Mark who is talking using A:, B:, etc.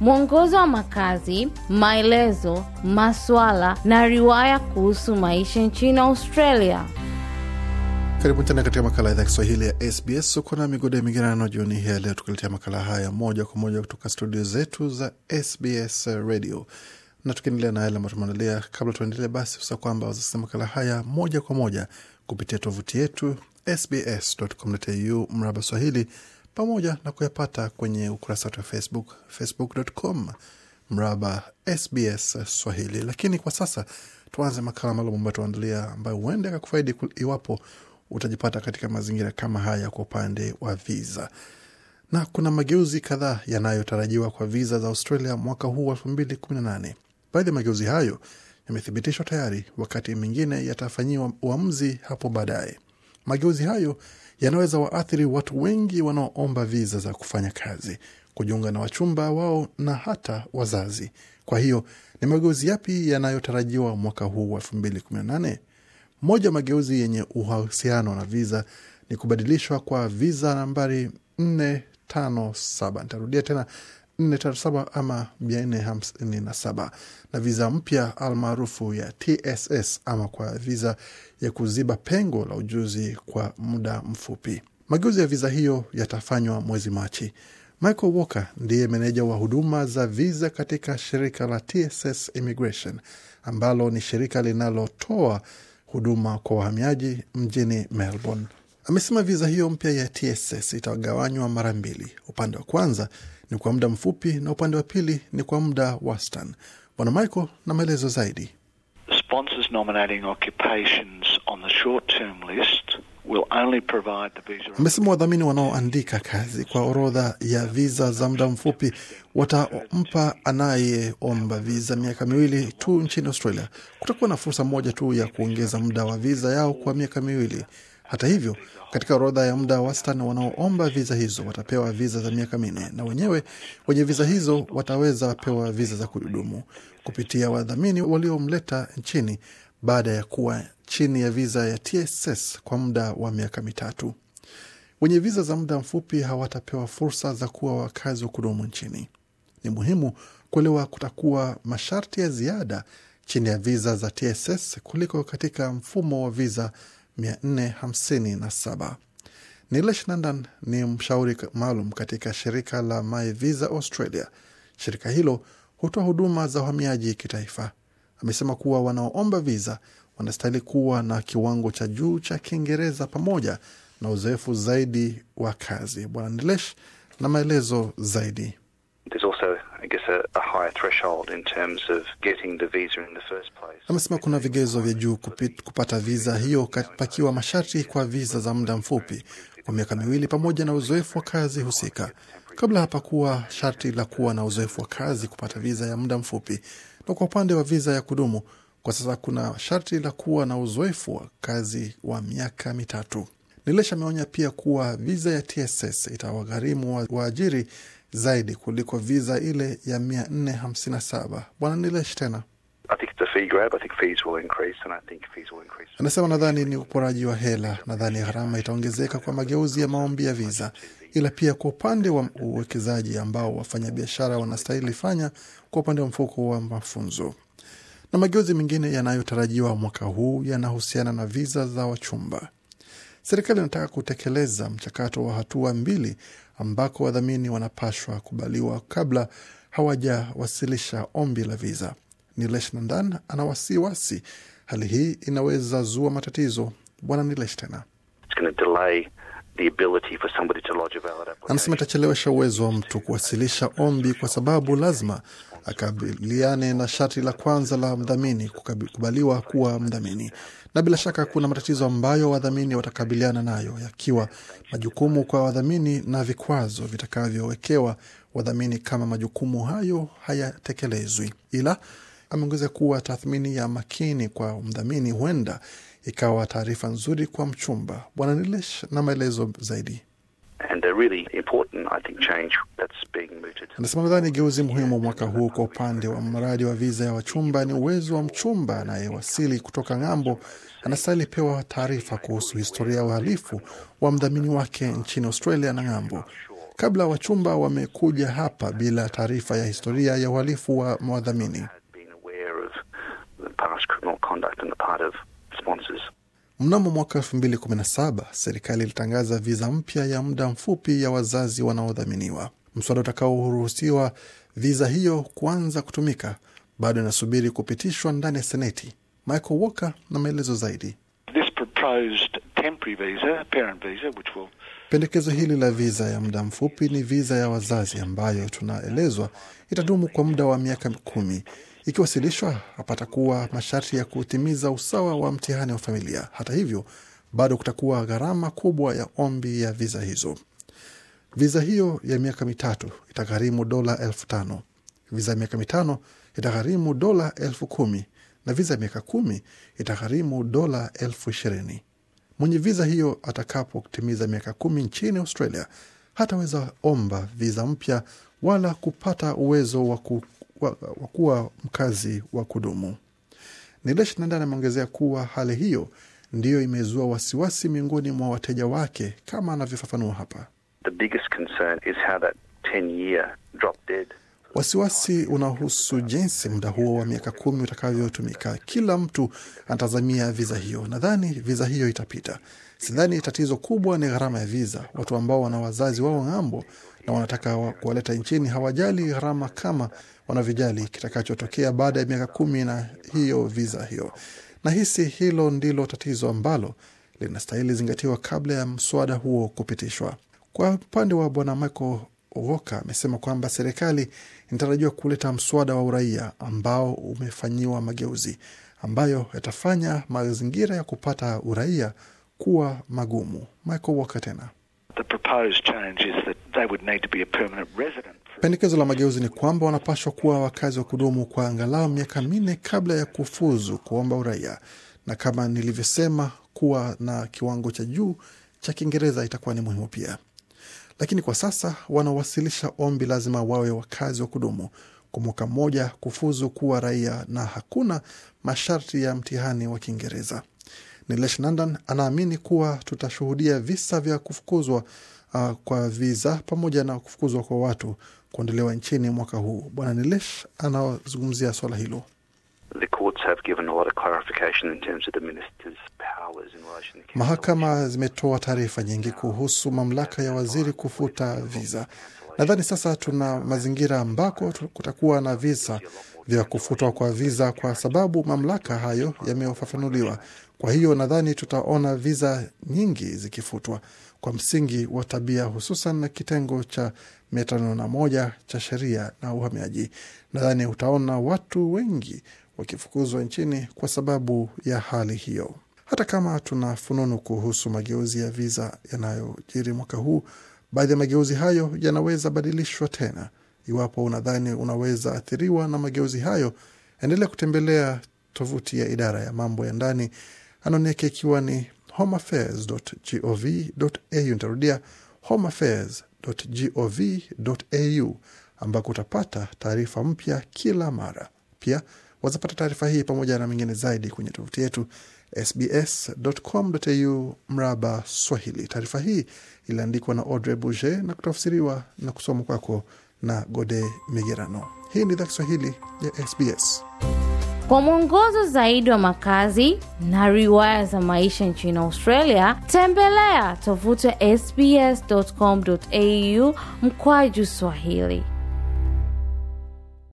A: mwongozo wa makazi, maelezo, maswala na riwaya kuhusu maisha nchini Australia. Karibuni tena katika makala ya idhaa Kiswahili ya SBS. Uko na migodo ya migerano jioni hii ya leo, makala haya moja kwa moja kutoka studio zetu za SBS Radio na tukiendelea na yale ambayo tumeandalia. Kabla tuendelee, basi usa kwamba wazasikia makala haya moja kwa moja kupitia tovuti yetu sbs.com.au mraba Swahili pamoja na kuyapata kwenye ukurasa wetu wa Facebook, facebook.com mraba SBS Swahili. Lakini kwa sasa tuanze makala maalum ambayo tuandalia, ambayo huenda akakufaidi iwapo utajipata katika mazingira kama haya kwa upande wa viza na kuna mageuzi kadhaa yanayotarajiwa kwa viza za Australia mwaka huu wa 2018. Baadhi ya mageuzi hayo yamethibitishwa tayari, wakati mengine yatafanyiwa uamuzi hapo baadaye. Mageuzi hayo yanaweza waathiri watu wengi wanaoomba viza za kufanya kazi, kujiunga na wachumba wao na hata wazazi. Kwa hiyo ni mageuzi yapi yanayotarajiwa mwaka huu wa 2018? Moja mageuzi yenye uhusiano na viza ni kubadilishwa kwa viza nambari 457. Nitarudia tena, 437 ama 457 na viza mpya almaarufu ya TSS ama kwa viza ya kuziba pengo la ujuzi kwa muda mfupi. Mageuzi ya viza hiyo yatafanywa mwezi Machi. Michael Walker ndiye meneja wa huduma za viza katika shirika la TSS Immigration ambalo ni shirika linalotoa huduma kwa wahamiaji mjini Melbourne. Amesema viza hiyo mpya ya TSS itagawanywa mara mbili. Upande wa kwanza ni kwa muda mfupi na upande wa pili ni kwa muda wastan. Bwana Michael na maelezo zaidi. Amesema wadhamini wanaoandika kazi kwa orodha ya viza za muda mfupi watampa anayeomba viza miaka miwili tu nchini Australia. Kutakuwa na fursa moja tu ya kuongeza muda wa viza yao kwa miaka miwili. Hata hivyo, katika orodha ya muda wa wastani wanaoomba viza hizo watapewa viza za miaka minne, na wenyewe wenye viza hizo wataweza pewa viza za kudumu kupitia wadhamini waliomleta nchini baada ya kuwa chini ya viza ya TSS kwa muda wa miaka mitatu. Wenye viza za muda mfupi hawatapewa fursa za kuwa wakazi wa kudumu nchini. Ni muhimu kuelewa kutakuwa masharti ya ziada chini ya viza za TSS kuliko katika mfumo wa viza 457. Nilesh Nandan ni mshauri maalum katika shirika la My Visa Australia. Shirika hilo hutoa huduma za uhamiaji kitaifa. Amesema kuwa wanaoomba viza wanastahili kuwa na kiwango cha juu cha Kiingereza pamoja na uzoefu zaidi wa kazi. Bwana Nilesh na maelezo zaidi Amesema kuna vigezo vya juu kupata viza hiyo, pakiwa masharti kwa viza za muda mfupi kwa miaka miwili pamoja na uzoefu wa kazi husika. Kabla kuwa sharti la kuwa na uzoefu wa kazi kupata viza ya muda mfupi, na kwa upande wa viza ya kudumu kwa sasa kuna sharti la kuwa na uzoefu wa kazi wa miaka mitatu. nilesha ameonya pia kuwa viza ya TSS itawagharimu waajiri zaidi kuliko viza ile ya mia nne hamsini na saba. Bwana Nilesh tena anasema nadhani ni uporaji wa hela. Nadhani gharama itaongezeka kwa mageuzi ya maombi ya viza, ila pia kwa upande wa uwekezaji ambao wafanyabiashara wanastahili fanya kwa upande wa mfuko wa mafunzo. Na mageuzi mengine yanayotarajiwa mwaka huu yanahusiana na viza za wachumba. Serikali inataka kutekeleza mchakato wa hatua mbili ambako wadhamini wanapashwa kubaliwa kabla hawajawasilisha ombi la viza. Nilesh Nandan ana wasiwasi hali hii inaweza zua matatizo. Bwana Nilesh Anasema itachelewesha uwezo wa mtu kuwasilisha ombi kwa sababu lazima akabiliane na sharti la kwanza la mdhamini kukubaliwa kuwa mdhamini, na bila shaka kuna matatizo ambayo wadhamini watakabiliana nayo, yakiwa majukumu kwa wadhamini na vikwazo vitakavyowekewa wadhamini kama majukumu hayo hayatekelezwi. Ila ameongeza kuwa tathmini ya makini kwa mdhamini huenda ikawa taarifa nzuri kwa mchumba. Bwana Nilesh na maelezo zaidi. anasema nadhani geuzi muhimu mwaka huu kwa upande wa mradi wa viza ya wachumba ni uwezo wa mchumba anayewasili kutoka ng'ambo, anastahili pewa taarifa kuhusu historia ya uhalifu wa mdhamini wake nchini Australia na ng'ambo. Kabla wachumba wamekuja hapa bila taarifa ya historia ya uhalifu wa mwadhamini responses. Mnamo mwaka saba serikali ilitangaza viza mpya ya muda mfupi ya wazazi wanaodhaminiwa. Mswada utakaoruhusiwa viza hiyo kuanza kutumika bado inasubiri kupitishwa ndani ya Seneti. Michael Walker na maelezo zaidi. Pendekezo hili la viza ya muda mfupi ni viza ya wazazi ambayo tunaelezwa itadumu kwa muda wa miaka kumi ikiwasilishwa kuwa masharti ya kutimiza usawa wa mtihani wa familia. Hata hivyo, bado kutakuwa gharama kubwa ya ombi ya viza hizo. Viza hiyo ya miaka mitatu itagharimu dola elfu tano viza ya miaka mitano itagharimu dola elfu kumi na viza ya miaka kumi itagharimu dola elfu ishirini Mwenye viza hiyo atakapotimiza miaka kumi nchini Australia hataweza omba viza mpya wala kupata uwezo wa ku wa kuwa mkazi wa kudumu. Nilesh Nandan ameongezea kuwa hali hiyo ndiyo imezua wasiwasi miongoni mwa wateja wake kama anavyofafanua hapa. The biggest concern is how that 10 year drop dead Wasiwasi unahusu jinsi muda huo wa miaka kumi utakavyotumika. Kila mtu anatazamia viza hiyo. Nadhani viza hiyo itapita. Sidhani tatizo kubwa ni gharama ya viza. Watu ambao wana wazazi wao ng'ambo na wanataka kuwaleta nchini hawajali gharama kama wanavyojali kitakachotokea baada ya miaka kumi na hiyo viza hiyo. Nahisi hilo ndilo tatizo ambalo linastahili zingatiwa kabla ya mswada huo kupitishwa. Kwa upande wa Bwana Michael Owoka amesema kwamba serikali inatarajiwa kuleta mswada wa uraia ambao umefanyiwa mageuzi ambayo yatafanya mazingira ya kupata uraia kuwa magumu. Michael Walker tena Pendekezo la mageuzi ni kwamba wanapaswa kuwa wakazi wa kudumu kwa angalau miaka minne kabla ya kufuzu kuomba uraia, na kama nilivyosema, kuwa na kiwango cha juu cha Kiingereza itakuwa ni muhimu pia lakini kwa sasa wanaowasilisha ombi lazima wawe wakazi wa kudumu kwa mwaka mmoja kufuzu kuwa raia na hakuna masharti ya mtihani wa Kiingereza. Nilesh Nandan anaamini kuwa tutashuhudia visa vya kufukuzwa uh, kwa viza pamoja na kufukuzwa kwa watu kuondolewa nchini mwaka huu. Bwana Nilesh anazungumzia swala hilo. Mahakama zimetoa taarifa nyingi kuhusu mamlaka ya waziri kufuta viza. Nadhani sasa tuna mazingira ambako kutakuwa na visa vya kufutwa kwa viza kwa sababu mamlaka hayo yamefafanuliwa. Kwa hiyo nadhani tutaona viza nyingi zikifutwa kwa msingi wa tabia, hususan na kitengo cha mia tano na moja cha sheria na uhamiaji. Nadhani utaona watu wengi wakifukuzwa nchini kwa sababu ya hali hiyo. Hata kama tuna fununu kuhusu mageuzi ya viza yanayojiri mwaka huu, baadhi ya mageuzi hayo yanaweza badilishwa tena. Iwapo unadhani unaweza athiriwa na mageuzi hayo, endelea kutembelea tovuti ya idara ya mambo ya ndani yake ikiwa ni homeaffairs.gov.au. Nitarudia, homeaffairs.gov.au ambako utapata taarifa mpya kila mara. Pia wazapata taarifa hii pamoja na mengine zaidi kwenye tovuti yetu sbs.com.au mraba Swahili. Taarifa hii iliandikwa na Audrey Bouget na kutafsiriwa na kusoma kwako na Gode Migerano. Hii ni idhaa Kiswahili ya SBS. Kwa mwongozo zaidi wa makazi na riwaya za maisha nchini Australia, tembelea tovuti ya sbs.com.au mkwaju Swahili.